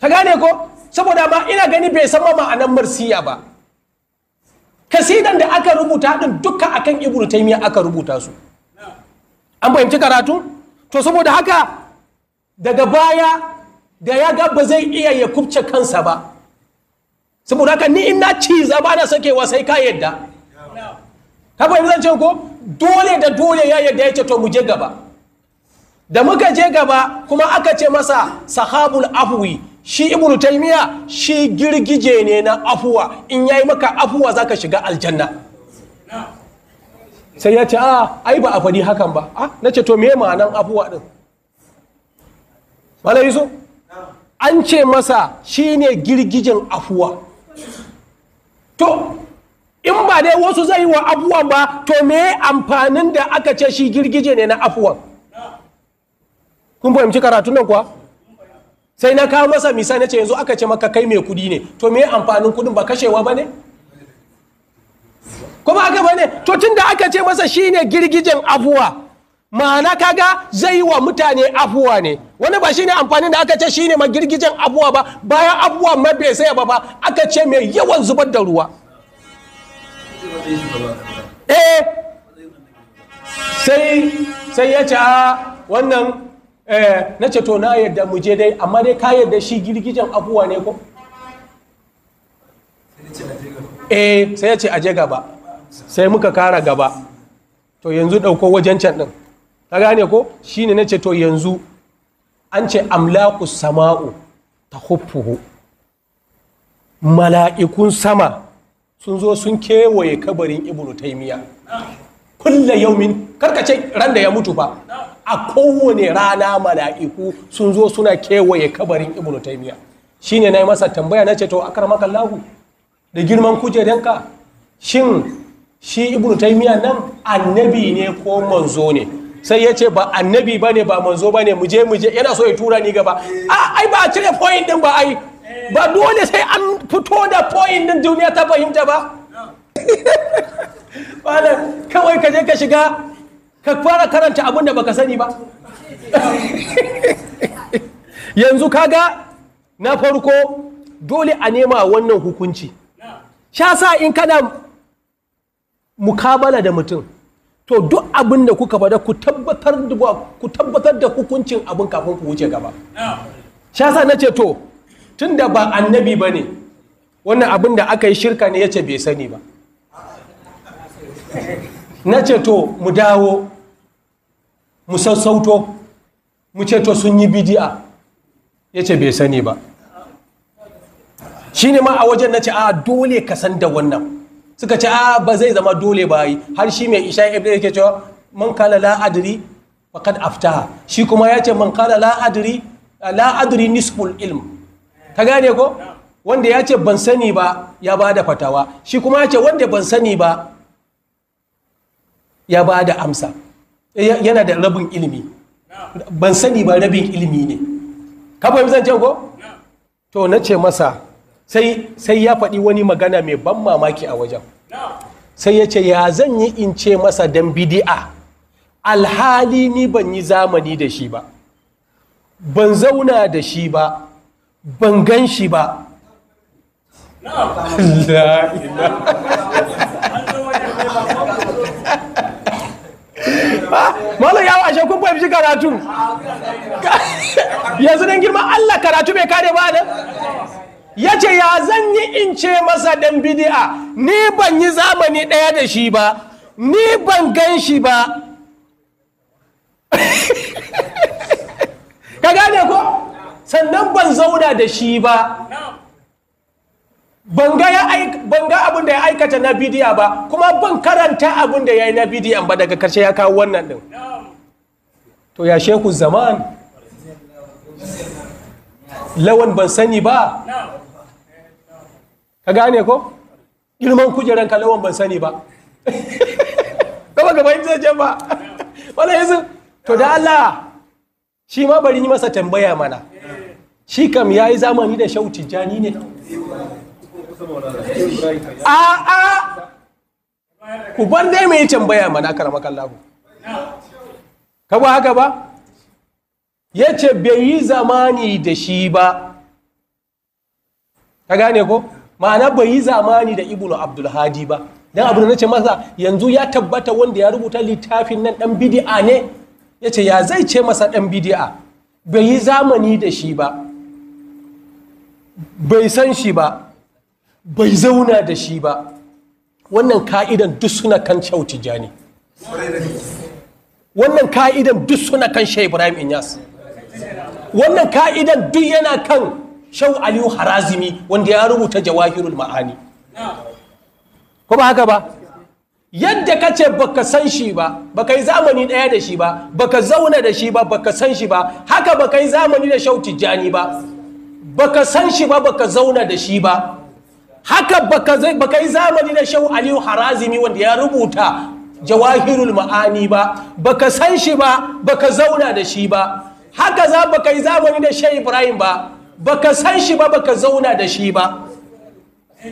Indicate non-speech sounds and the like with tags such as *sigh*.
ka gane ko saboda ma ina gani bai san ma'anar marsiya ba kasidan da aka rubuta din duka akan ibnu taymiya aka rubuta su an fahimci karatu to saboda haka daga baya da ya ga ba zai iya ya kubce kansa ba saboda haka ni ina ci zaba na sakewa sai ka yadda ka fahimci zan ko dole da dole ya yadda ya ce to mu je gaba da muka je gaba kuma aka ce masa sahabul afwi shi ibnu Talmiya shi girgije ne na afuwa in yayi maka afuwa zaka shiga aljanna sai ya ce a ai ba a faɗi hakan ba a na ce to me ma'anan afuwa din malai yusuf an ce masa shine girgijen afuwa to in ba dai wasu zai wa afuwan ba to me amfanin da aka ce shi girgije ne na afuwan kun fahimci karatun nan kuwa sai na kawo masa misali na ce yanzu aka ce maka kai mai kudi ne to me amfanin kudin ba kashewa ba ne kuma aka ba ne to tun da aka ce masa shine girgijen afuwa ma'ana kaga zai wa mutane afuwa ne wani ba shine amfanin da aka ce shine girgijen afuwa ba bayan afuwa mabe sai ba ba aka ce mai yawan zubar da ruwa eh sai sai ya ce ah, wannan Eh, na ce to na yadda mu je dai amma dai ka yadda shi girgijen abuwa ne ko eh sai ya ce aje gaba sai muka kara gaba to yanzu dauko wajen can din ka gane ko shine na ce to yanzu an ce amlaku sama'u ta mala'ikun sama sun zo sun kewaye kabarin ibnu taimiya kulla yaumin karkace ran da ya mutu fa a kowane rana mala'iku sun zo suna kewaye kabarin ibnu taymiya shine nayi masa tambaya nace to akramaka Allahu da girman ka. shin shi ibnu taymiya nan annabi ne ko manzo ne sai ya ce ba annabi ba ne ba manzo ba ne muje muje yana so ya tura ni gaba ai ba a cire point din ba ai ba dole sai an fito da point din duniya ta fahimta ba *laughs* kawai ka je ka shiga ka fara karanta abin da baka sani ba *laughs* yanzu kaga na farko dole a nema wannan hukunci sha sa in kana mukabala da mutum to duk abin da kuka fada ku tabbatar da ku tabbatar da hukuncin abin kafin ku wuce gaba shasa na ce to tunda ba annabi bane wannan abin da aka yi shirka ne yace bai sani ba na ce to mu dawo mu sassauto mu ce to sun yi bidi'a ya ce bai sani ba shi ma a wajen na ce a dole ka san da wannan suka ce a ba zai zama dole ba yi har shi mai isha ibn yake cewa man kala la adri faqad shi kuma ya ce man kala la adri la adri nisful ilm ka gane ko wanda ya ce ban sani ba ya ba da fatawa shi kuma ya ce wanda ban sani ba ya ba da amsa Eh, yana da rabin ilimi ban sani ba rabin ilimi ne kafa yi zan ce ko to na ce masa sai ya faɗi wani magana mai ban mamaki a wajen sai ya ce ya zan yi in ce masa dan bidi'a alhali ni ban yi zamani da shi ba ban zauna da shi ba ban gan shi ba malam ya ashe kun fahimci karatu yanzu dan girma Allah karatu bai kare ba da ya ce ya zan yi in ce masa dan bidi'a ni ban yi zamani ɗaya da shi ba ni ban gan shi ba *laughs* ka gane ko sannan ban zauna da shi ba ban ga ya ban ga abin da ya aikata na bidiya ba kuma ban karanta abin da ya yi na bidiyan ba daga karshe ya kawo wannan din to ya shehu zaman lawan ban sani ba ka gane ko girman kujeran ka lawan ban sani ba kuma *laughs* gaba bayan zai ba *laughs* wala yanzu to da Allah shi ma bari yi masa tambaya mana shi kam ya yi zamani da shauti jani ne a a ku bar dai mai tambaya mana karama kallahu ka ba haka ba ya ce bai yi zamani da shi ba ka gane ko ma'ana bai yi zamani da ibnu abdulhadi ba dan abu da na ce masa yanzu ya tabbata wanda ya rubuta littafin nan dan bidi'a ne ya ce ya zai ce masa dan bidi'a bai yi zamani da shi ba bai san shi ba bai zauna da shi ba wannan ka'idan duk suna kan shau tijjani wannan ka'idan duk suna kan shai ibrahim inyas wannan ka'idan duk yana kan shau aliyu harazimi wanda ya rubuta jawahirul ma'ani ko ba haka ba yadda ka ce baka san shi ba baka yi zamani daya da shi ba baka zauna da shi ba baka san shi ba haka baka yi zamani da shau tijjani ba baka san shi ba baka zauna da shi ba haka baka yi zamani na shehu aliyu harazimi wanda ya rubuta jawahirul ma'ani ba baka san shi ba baka zauna da shi ba haka za baka yi zamani da shehu ibrahim ba baka san shi ba baka zauna da shi ba